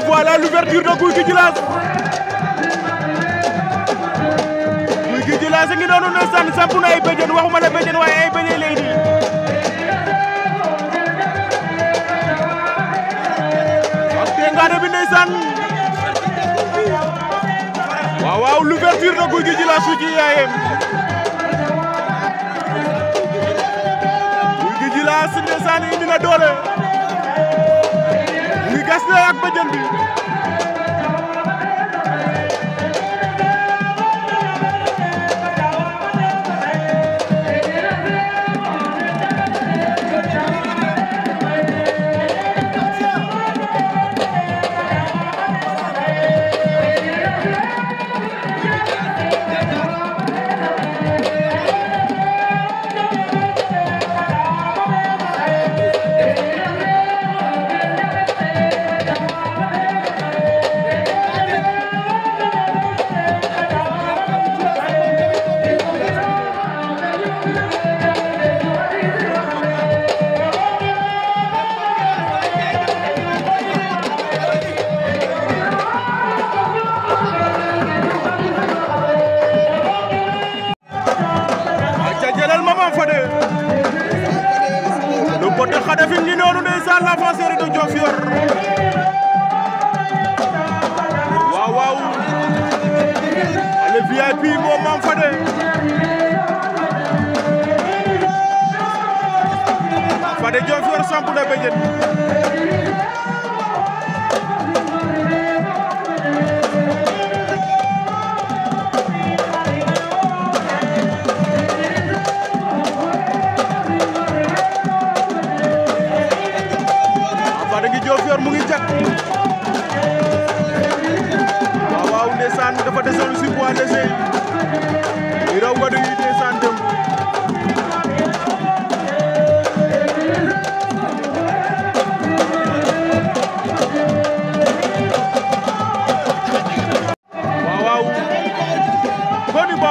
on voit l'ouverture de Gouy Gui ngi noonu ndeysaan samp na ay waxuma la béjjén waaye ay béjjén lay nii ak tengaane bi ndeysaan waaw waaw l'ouverture de Gouy Gui Djilass su ci yaayem Gouy Gui Djilass indi na doole Laurent Fodé le pote de Khadafine ngi noonu ndeysaan l'enfant chéri de Diofior waaw waaw le VIP moom Mame Fodé Fodé Diofior samp na béjjën Junior mu ngi jag waaw waaw ndeysaan dafa desoon si poids léger yi raw gadu dem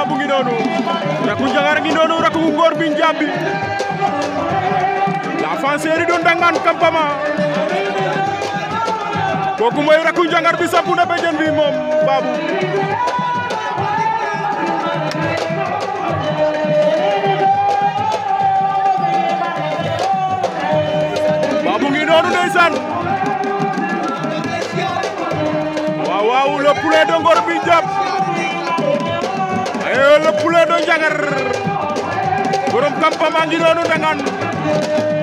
Koni ngi rakku jangar ngi noonu rakku góor bi njàmbi la fan kampama kooku mooy rakku njangar bi sampu na béjjën bi moom Babu Babou ngi noonu ndeysaan waaw waaw le poulet de Ngor bi ayo le poulet de njangar borom kampama ngi noonu